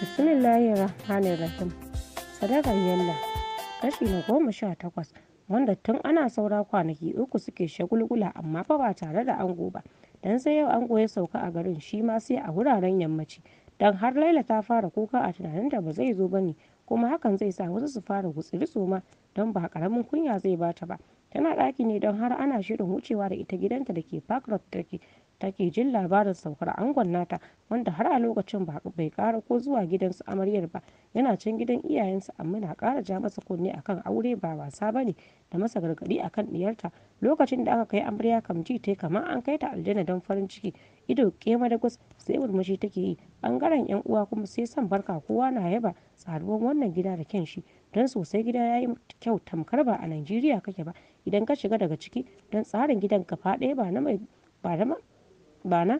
bismillahir rahmanir rahim sadakar yalla kashi na goma sha takwas wanda tun ana saura kwanaki uku suke shagulgula amma fa ba tare da ango ba dan sai yau ango ya sauka a garin shi ma sai a wuraren yammaci dan har laila ta fara kuka a tunanin da ba zai zo ba ne kuma hakan zai sa wasu su fara gutsiri tsoma don ba karamin kunya zai bata ba tana daki ne don har ana shirin wucewa da ita gidanta da ke park road take take jin labarin saukar angon nata wanda har a lokacin bai kara ko zuwa gidansu amaryar ba yana can gidan iyayensa amma na kara ja masa kunne akan aure ba wasa bane da masa gargadi akan diyarta lokacin da aka kai amarya kam ji yi kamar an kai ta aljanna don farin ciki ido kema da gus sai murmushi take yi bangaren yan uwa kuma sai san barka kowa na yaba tsaruwan wannan gida da kyan shi don sosai gida ya yi kyau tamkar ba a najeriya kake ba idan ka shiga daga ciki don tsarin gidan ka ɗaya ba na mai ba ba na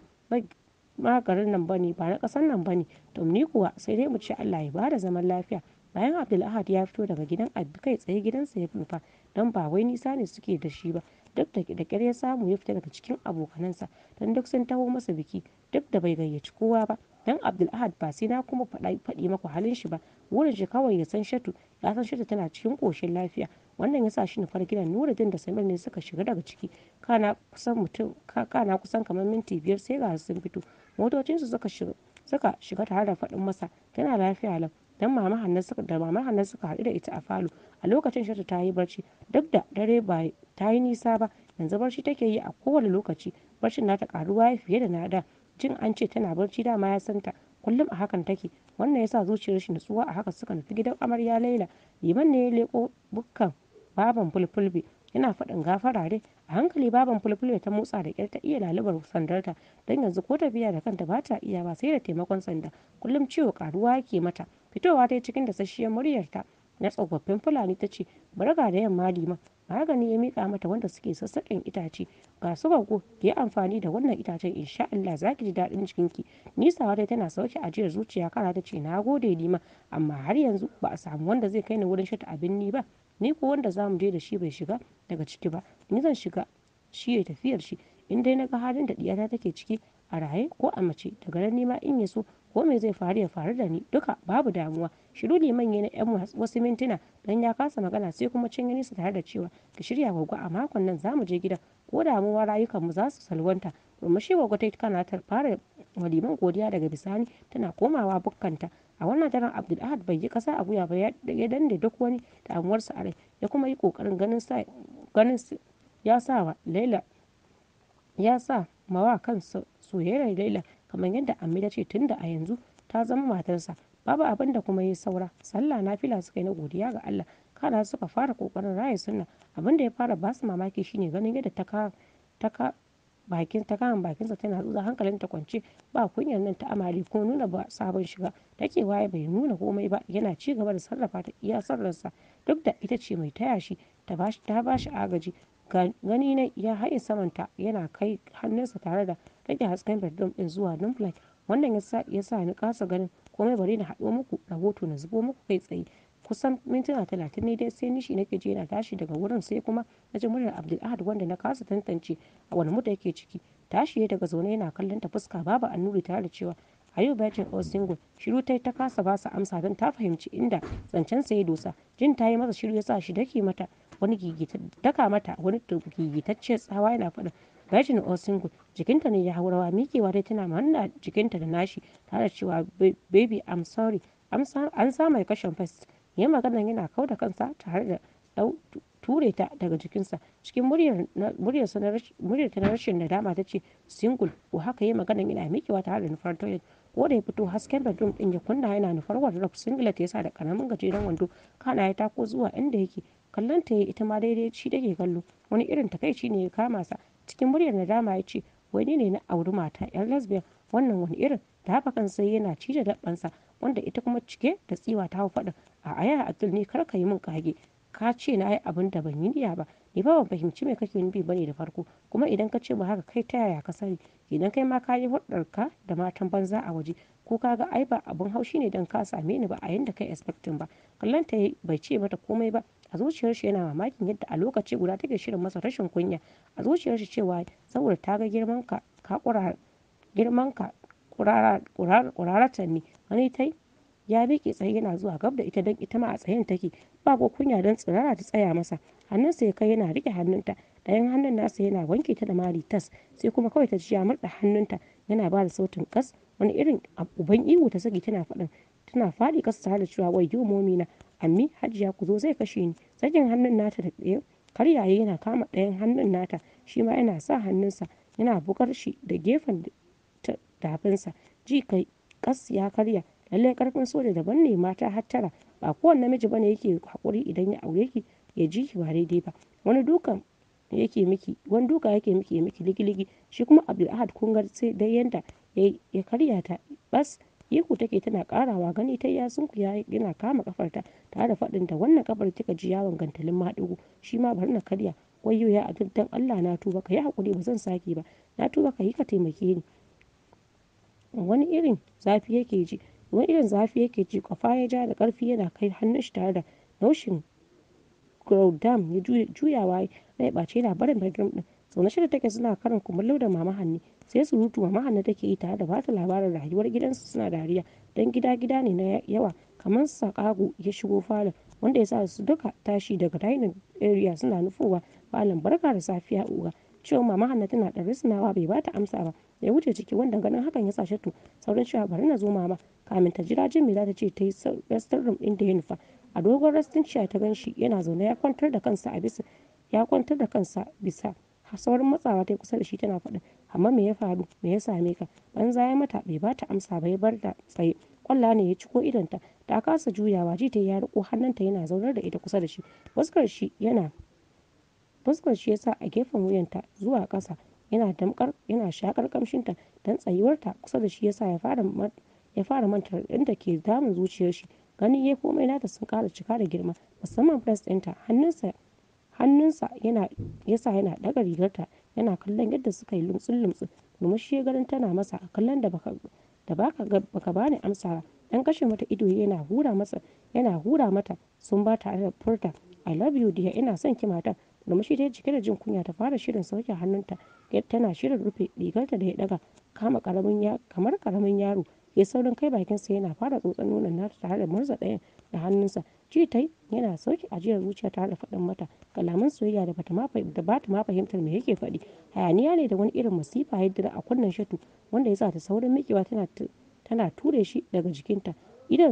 nan bane ba na kasan nan bane to ni kuwa sai dai mu ci Allah ya bada zaman lafiya bayan abdul ahad ya fito daga gidan Abbi kai tsaye gidansa ya nufa dan ba wai nisa ne suke da shi ba duk da da ƙyar ya samu ya fita daga cikin abokanansa don duk sun taho masa biki duk da bai gayyaci kowa ba dan ahad ba sai na kuma faɗi maka halin shi ba wurin shi kawai ya san shatu ya san shatu tana cikin koshin lafiya Wannan ya sa shi fargina gidan Nuruddin da Samir ne suka shiga daga ciki. Kana kusan kamar minti biyar sai ga sun fito. Motocinsu suka shiga suka shiga tare da faɗin masa tana lafiya lau dan mama suka da mama Hanna suka haɗu da ita a falo a lokacin shata ta yi barci duk da dare ba ta yi nisa ba yanzu barci take yi a kowane lokaci barcin na ta karuwa ya fiye da na da jin an ce tana barci dama ya santa kullum a hakan take wannan yasa zuciyar shi nutsuwa a haka suka nufi gidan amarya Laila liman ne ya leko bukkan baban fulfulbe yana faɗin gafara dai a hankali baban fulfulbe ta motsa da kyar ta iya lalubar sandarta don yanzu ko tafiya da kanta ba ta iya ba sai da taimakon sanda kullum ciwo karuwa yake mata fitowa ta yi cikin da sashiyar muryarta na tsofaffin fulani ta ce barga da yamma liman magani ya mika mata wanda suke sassaƙen itace ga su gago ki yi amfani da wannan itacen insha Allah za ki ji daɗin jikinki nisa wata tana sauke ajiyar zuciya kara ta ce na gode lima amma har yanzu ba a samu wanda zai kai ni wurin shata abin ni ba ni ko wanda za mu je da shi bai shiga daga ciki ba ni zan shiga shi ya tafiyar shi in dai na ga halin da diyata take ciki a raye ko a mace daga nan nima in ya so ko me zai faru ya faru da ni duka babu damuwa shiru ne manya na yan wasu mintuna dan ya kasa magana sai kuma cin yanisa tare da cewa ka shirya gwagwa a makon nan za mu je gidan ko damuwa rayukan mu za su salwanta shi gwagwa ta kana ta fara waliman godiya daga bisani tana komawa bukkanta A wannan daren Abdulahad bai yi kasa a guya ba ya dande duk wani damuwarsa a rai ya kuma yi kokarin ganin ya sa wa Laila ya sa mawa kansa soyayyar Laila kamar yadda amila ce ce tunda a yanzu ta zama matarsa babu abin da kuma yi saura sallah nafila suka yi na godiya ga Allah kana suka fara kokarin raya sunna abin da ya fara basu mamaki shine ganin yadda ta ka. bakinta bakin sa tana hankalin ta kwance ba kunyar nan ta amare ko nuna ba sabon shiga take waye bai nuna komai ba yana ci gaba da sarrafa ta iya sarrarsa duk da ita ce mai taya shi ta bashi ta bashi agaji gani na ya haye samanta yana kai hannunsa tare da rage hasken bedroom din zuwa dumflight wannan ya sa ni kasa ganin komai bari na hado muku rahoto na zubo muku kai tsaye kusan mintuna talatin ne dai sai nishi nake je na tashi daga wurin sai kuma na ji muryar abdulahad wanda na kasa tantance a wani muda yake ciki tashi ya daga zaune yana kallon ta fuska babu annuri tare da cewa ayo bajin single shiru ta ta kasa ba su amsa don ta fahimci inda zancen sa ya dosa jin ta yi masa shiru ya sa shi dake mata wani gigita daka mata wani gigitacce tsawa yana faɗa bajin single jikinta ne ya haurawa mikewa dai tana manna jikinta da nashi tare da cewa baby i'm sorry an sa mai kashin fast Ya magana yana kau da kansa tare da dau ture ta daga jikinsa cikin muryar ta na rashin nadama ta ce single ko haka yi magana yana mikewa tare da nufar toilet ko da ya fito hasken bedroom din ya kunna yana nufar wardrobe singlet ya sa da karamin gajeren wando kana ya tako zuwa inda yake kallon ta ita ma daidai shi take kallo wani irin takaici ne ya kama sa cikin muryar nadama ya ce wani ne na auri mata yan lesbian wannan wani irin da haka kan sai yana cije labbansa wanda ita kuma cike da tsiwa ta hau faɗin a aya abdul ni kar ka yi min kage ka ce na yi abin da ban yi niyya ba ni ba ban fahimci me kake nufi bane da farko kuma idan ka ce ba haka kai ta yaya ka sani idan kai ma ka yi ka da matan banza a waje ko ka ga ai ba abin haushi ne dan ka same ni ba a yanda kai expecting ba kallon ta bai ce mata komai ba a zuciyar shi yana mamakin yadda a lokaci guda take shirin masa rashin kunya a zuciyar shi cewa saboda ta ga girman ka ka girman ka kurarata ne wani tai ya miƙe tsaye yana zuwa gab da ita don ita ma a tsayen take ba ko kunya don tsirara ta tsaya masa hannun sa ya kai yana riƙe hannunta ɗayan hannun nasa yana wanke ta da mari tas sai kuma kawai ta ji ya murɗa hannunta yana ba da sautin kas wani irin uban ihu ta saki tana faɗin tana faɗi ƙasa tare da cewa wayyo na ammi hajiya ku zo zai kashe ni sakin hannun nata da ɗaya karyaye yana kama ɗayan hannun nata shi ma yana sa hannunsa yana bugar shi da gefen dafinsa ji kai kas ya karya lallai karfin soja daban ne mata hattara ba kowane namiji bane yake hakuri idan ya aure ki ya ji ki ba daidai ba wani dukan yake miki wani duka yake miki ya miki ligiligi shi kuma abdul ahad kun ga sai dai yanda ya karya ta bas ihu take tana karawa gani ta ya ku ya yana kama kafarta ta da fadin ta wannan kafar kika ji yawon gantalin maɗigo shi ma bari na karya wayyo ya abdul dan Allah na tuba ka yi hakuri ba zan sake ba na tuba ka yi ka taimake ni wani irin zafi yake ji wani irin zafi yake ji kwafa ya ja da karfi yana kai hannun shi tare da naushin Groudam ya juyawa ya ɓace yana barin bedroom din zaune shida take suna karin kumallo da mama hannu sai surutu mama hannu take yi tare da bata labarin rayuwar gidansu suna dariya don gida gida ne na yawa kamar sakagu ya shigo falon wanda ya sa su duka tashi daga dining area suna nufowa falon barka da safiya uwa cewa mama hannu tana da risnawa bai bata amsa ba ya wuce ciki wanda ganin hakan ya sa tu. sauran cewa bari na zo mama kamin ta jira jin me za ta ce ta yi restin rum din da ya nufa a dogon restin cewa ta gan shi yana zaune ya kwantar da kansa a bisa ya kwantar da kansa bisa saurin matsawa ta kusa da shi tana faɗin amma me ya faru me ya same ka banza ya mata bai bata amsa ba ya bar da tsaye kwalla ne ya ciko idanta ta kasa juyawa ji ta ya riko hannunta yana zaunar da ita kusa da shi fuskar shi yana fuskar shi yasa a gefen wuyanta zuwa kasa. Yana tamkar yana shakar kamshinta don tsayuwarta kusa da shi yasa ya fara ya fara manta inda ke damun zuciyar shi. Gani yayi komai nata sun kara cika da girma, musamman press dinta Hannunsa hannunsa yana ya sa yana rigar rigarta yana kallon yadda suka yi lumtsin-lumtsin. shi ya ganin tana masa a kallon da baka da baka baka bani amsa ba. kashe mata ido yana hura masa yana hura mata ba tare da furta "I love you dear ina son ki matar." shi ta cike da jin kunya ta fara shirin sauke hannunta. tana shirin rufe rigarta da ya daga kama karamin ya kamar karamin yaro ya saurin kai bakin sa yana fara tsotsan nonon nata tare da murza ɗayan da hannunsa ji yana sauki ajiyar zuciya tare da faɗin mata kalaman soyayya da bata ma da bata ma fahimtar me yake faɗi hayaniya ne da wani irin masifa ya dira a kunnen shatu wanda ya sa ta saurin mikewa tana tana ture shi daga jikinta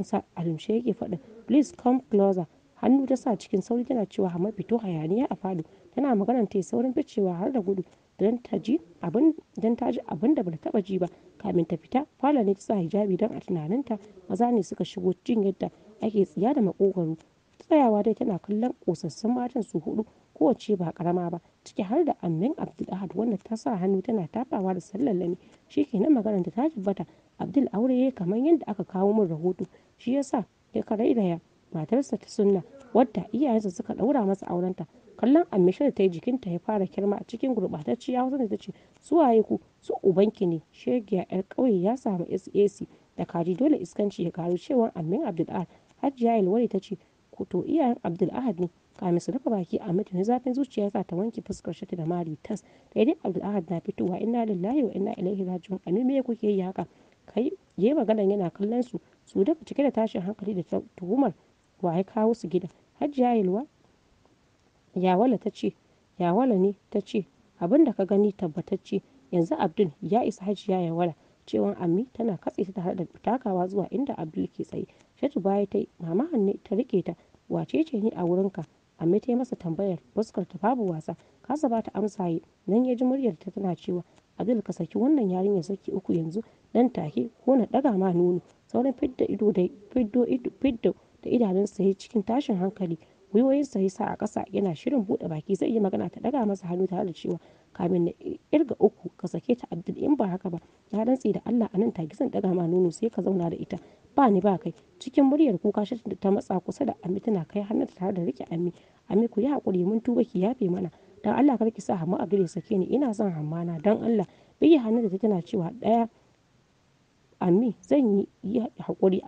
sa a lumshe yake faɗin please come closer hannu ta sa cikin sauri tana cewa hamma fito hayaniya a falo tana maganar ta saurin ficewa har da gudu don ta ji abin don ta ji da bata taɓa ji ba kamin ta fita falo ne ta sa hijabi don a tunaninta maza ne suka shigo jin yadda ake tsiya da makogwaro tsayawa dai tana kallon kosassun matan su huɗu, kowace ba karama ba ciki har da amin abdul ahad wanda ta sa hannu tana tafawa da sallallami shikenan maganar da ta tabbata abdul aure ya kamar yadda aka kawo min rahoto shi yasa ya ya matarsa ta sunna wadda iyayensa suka ɗaura masa aurenta kallon da ta yi jikinta ya fara kirma a cikin gurɓatacciya hausa da ta ce su waye ku su ubanki ne shegiya yar kauye ya samu sac da kaji dole iskanci ya karu cewa amin abdul'ahad hajiya ilwari ta ce ku to iyayen abdul'ahad ne kamin su rufe baki a mutum zafin zuciya sa ta wanke fuskar shi da mari tas daidai abdul'ahad na fitowa inna lillahi wa inna ilaihi raji'un amin me kuke yi haka kai yi yana kallon su su daga cike da tashin hankali da tuhumar wa ya kawo su gida hajiya yalwa Yawala ta ce, Yawala ne ta ce, abin da ka gani tabbatacce, yanzu Abdul ya isa ya Yawala. cewa Ammi tana katse ta tare da takawa zuwa inda Abdul ke tsaye. Shatu baya ta yi, Mama Hanne ta rike ta, wace ce ni a wurinka? Ammi ta yi masa tambayar, fuskar ta babu wasa, kasa ba ta amsa yi, nan ya ji muryar ta tana cewa, Abdul ka saki wannan yarinyar saki uku yanzu, nan take ko na daga ma nono. sauran fidda ido da fiddo da idanunsa ya cikin tashin hankali. Gwiwoyinsa ya sa a ƙasa yana shirin buɗe baki zai yi magana ta ɗaga masa hannu tare da cewa, "Kamin na irga uku ka sake ta Abdul in ba haka ba na rantse da Allah a nan take zan ɗaga ma nono sai ka zauna da ita ba ni ba kai." Cikin muryar kuka da ta matsa kusa da Ami tana kai hannunta tare da rike Ami. "Ami ku yi haƙuri mun tuba ki yafe mana. Don Allah kar ki sa Hamma Abdul ya sake ni ina son Hamma na don Allah." Bige da ta tana cewa, "Ɗaya Ami zan yi haƙuri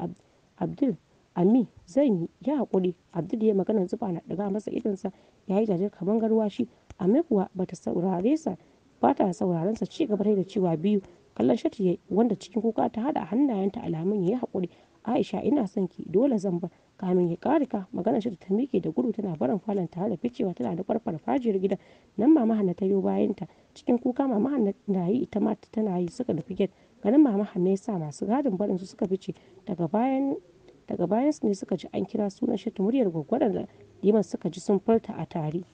Abdul ami zan yi, yi haƙuri. Abdul ya yi maganar na ɗiga masa idonsa ya yi jajir kamar garwashi. ami kuwa ba ta saurare sa ba ta sa ci gaba da cewa biyu. Kallon Shatu ya wanda cikin kuka ta hada hannayenta alamun ya yi haƙuri. Aisha ina son ki dole zan bar. Kamin ya karika magana Shatu ta miƙe da gudu tana barin falon tare da ficewa tana da nufar fajiyar gidan. Nan Mama Hanna ta yo ta cikin kuka Mama Hanna na yi ita ma tana yi suka da gate. Ganin Mama Hanna ya sa masu gadin barin su suka fice daga bayan daga baya su ne suka ji an kira sunan shi muryar gwaggwaran da liman suka ji sun furta a tare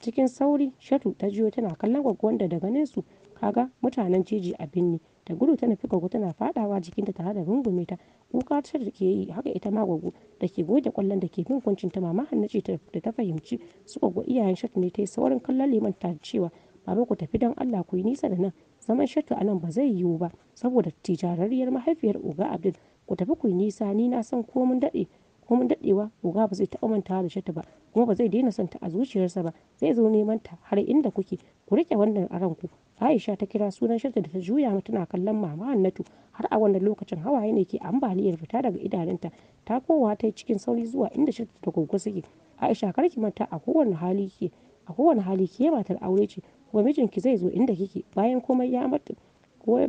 cikin sauri shatu ta jiyo tana kallon gwaggwan da daga nesu kaga mutanen jeji a binni da gudu ta nufi gwaggo tana fadawa jikinta tare da rungume ta kuka ta da ke yi haka ita ma gwagwa da ke goge kwallon da ke bin kuncin ta mama ce da ta fahimci su gwagwa iyayen shatu ne ta yi saurin kallon liman ta cewa baba ku tafi don allah ku yi nisa da nan zaman shattu a nan ba zai yiwu ba saboda tijarariyar mahaifiyar oga abdul ku tafi ku nisa ni na san ko mun daɗe ko daɗewa oga ba zai taɓa mantawa da shatu ba kuma ba zai daina son a zuciyarsa ba zai zo neman ta har inda kuke ku rike wannan a ku aisha ta kira sunan shattu da ta juya ma tana kallon mama hannatu har a wannan lokacin hawaye ne ke ambaliyar fita daga idanunta ta kowa ta yi cikin sauri zuwa inda shatta da gogo suke aisha karki ki manta a kowane hali ke a kowane hali ke matar aure ce wa mijinki zai zo inda kike bayan komai ya mata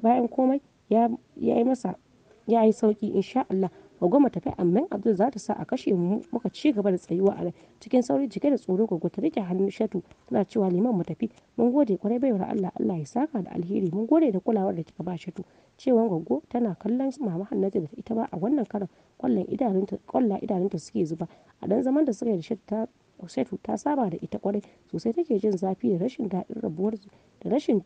bayan komai ya yi masa ya yi sauki insha Allah gwaggo mu tafi amma Abdul za ta sa a kashe mu muka ci gaba da tsayuwa a cikin sauri cike da tsoro ga ta rike hannu shatu tana cewa liman mu tafi mun gode kwarai baiwar Allah Allah ya saka da alheri mun gode da kulawar da kika ba shatu cewa gwaggo tana kallon mama Hannatu da ita ba a wannan karan kwallon idanunta kwalla idanunta suke zuba a dan zaman da suka yi da shatu ta Kusatu ta saba da ita kwarai sosai take jin zafi da rashin daɗin rabuwar da rashin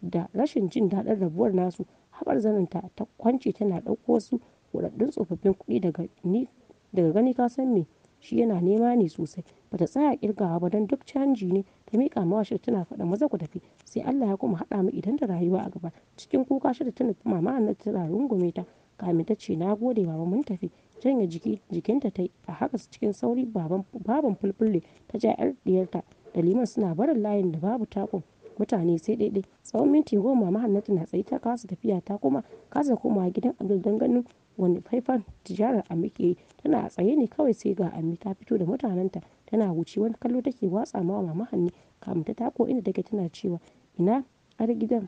da rashin jin daɗin rabuwar nasu. Haɓar zaninta ta kwance tana ɗauko wasu huɗaɗɗun tsofaffin kuɗi daga ni daga gani ka san me shi yana nema ne sosai. bata tsaya ƙirgawa ba don duk canji ne ta miƙa ma Bashir tana faɗa maza ku tafi sai Allah ya kuma haɗa mu idan da rayuwa a gaba. Cikin kuka shi ta nufi mama Hannatu tana rungume ta kamin ta ce na gode baba mun tafi. janye jikinta ta a haka cikin sauri baban fulfulle ta ja 'yar diyarta da liman suna barin layin da babu takun mutane sai daidai tsawon minti goma mahannatu na tsaye ta kasa tafiya ta kuma kasa komawa gidan abdul don ganin wani faifan tijarar a muke tana a tsaye ne kawai sai ga ami ta fito da mutanenta tana wuce wani kallo take watsa ma mama hanni kamun ta tako inda take tana cewa ina yar gida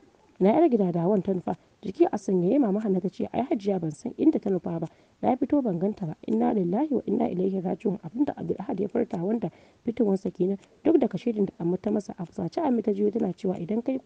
da yar ta nufa jiki a sanyaye mama na ta ce ai hajiya ban san inda ta nufa ba na fito ban ganta ba inna lillahi wa inna ilaihi raji'un abinda abdulahad ya furta wanda fitowarsa kenan duk da kashedin da amma ta masa a fusace amma ta jiyo tana cewa idan kai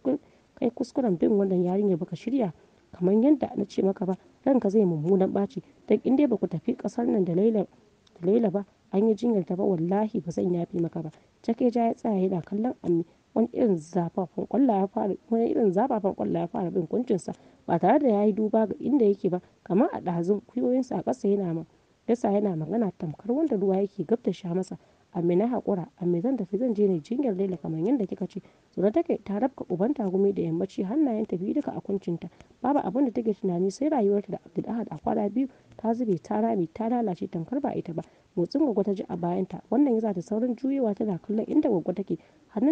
kai kuskuren bin wannan yarinya baka shirya kamar yadda na ce maka ba ranka zai mummunan ɓaci dan in dai baku tafi kasar nan da laila ba an yi jinyar ta ba wallahi ba zan yafi maka ba take ja ya tsaya yana kallon ammi wani irin zafafan ƙwallaye fara wani irin zafafan ya fara bin kuncinsa ba tare da ya yi duba ga inda yake ba kamar a ɗazun kuyoyinsa a ƙasa yana ma yasa yana magana tamkar wanda ruwa yake gab da sha masa amma na haƙura amma zan tafi zan je ne jinyar laila kamar yadda kika ce tsoro take ta rabka uban tagumi da yammaci hannayen ta biyu duka a kuncinta babu abin da take tunani sai rayuwarta da abdul ahad a kwana biyu ta zube ta rami ta lalace tamkar ba ita ba motsin gwagwa ta ji a bayanta wannan ya ta saurin juyewa tana kallon inda gwagwa take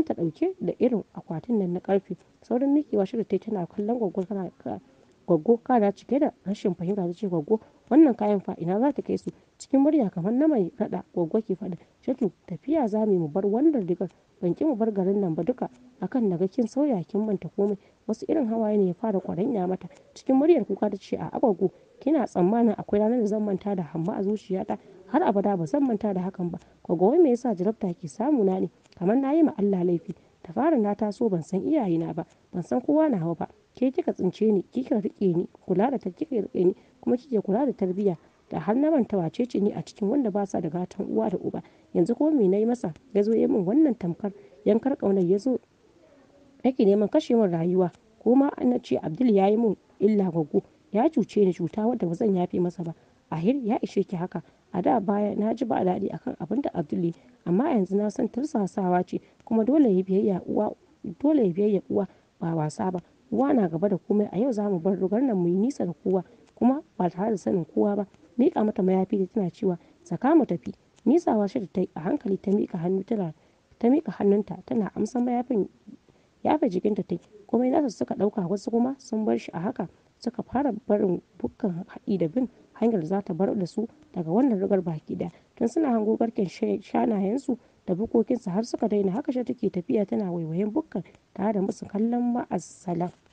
ta dauke da irin akwatin nan na karfe saurin mikewa shirya ta tana kallon gwaggo tana gwaggo kana cike da rashin fahimta ta ce gwaggo wannan kayan fa ina za ta kai su cikin murya kamar na mai rada gwaggo ke faɗi shatu tafiya za mu bar wannan rigar ban ki mu bar garin nan ba duka akan naga kin sauya kin manta komai wasu irin hawaye ne ya fara kwaranya mata cikin muryar kuka ta ce a agogo kina tsammanin akwai ranar da zan manta da hamma a zuciyata har abada ba zan manta da hakan ba gwaggo wai me yasa jarabta ke samu na ne kamar na yi ma Allah laifi da fara na taso ban san iyayena ba ban san kowa na hawa ba ke kika tsince ni kika rike ni kula da ta kika rike ni kuma kike kula da tarbiyya da har na manta wace ce ni a cikin wanda ba sa da gatan uwa da uba yanzu ko me nayi masa ya zo ya min wannan tamkar yankar kaunar ya zo yake neman kashe min rayuwa ko ma an ce Abdul ya yi min illa gwaggo ya cuce ni cuta wadda ba zan yafe masa ba ahir ya ishe ki haka A da baya na ji ba daɗi akan abin da Abdul yayi amma yanzu na san tursasawa ce kuma dole ya biyayya uwa dole ya biyayya uwa ba wasa ba. Uwa na gaba da komai a yau za mu bar rugar nan mu yi nisa da kowa kuma ba tare da sanin kowa ba. Miƙa mata mayafi da tana cewa "saka mu tafi". Nisawa da ta a hankali ta miƙa hannu tana ta miƙa hannunta tana amsa mayafin yafe jikinta tayi. Komai nasa suka ɗauka wasu kuma sun bar shi a haka suka fara barin bukkan haɗi da bin hanyar za ta bar da su daga wannan rigar baki da tun suna hango garken shanayensu da bukokinsu har suka daina haka take tafiya tana waiwayen bukkar tare da musu kallon ma'asalan.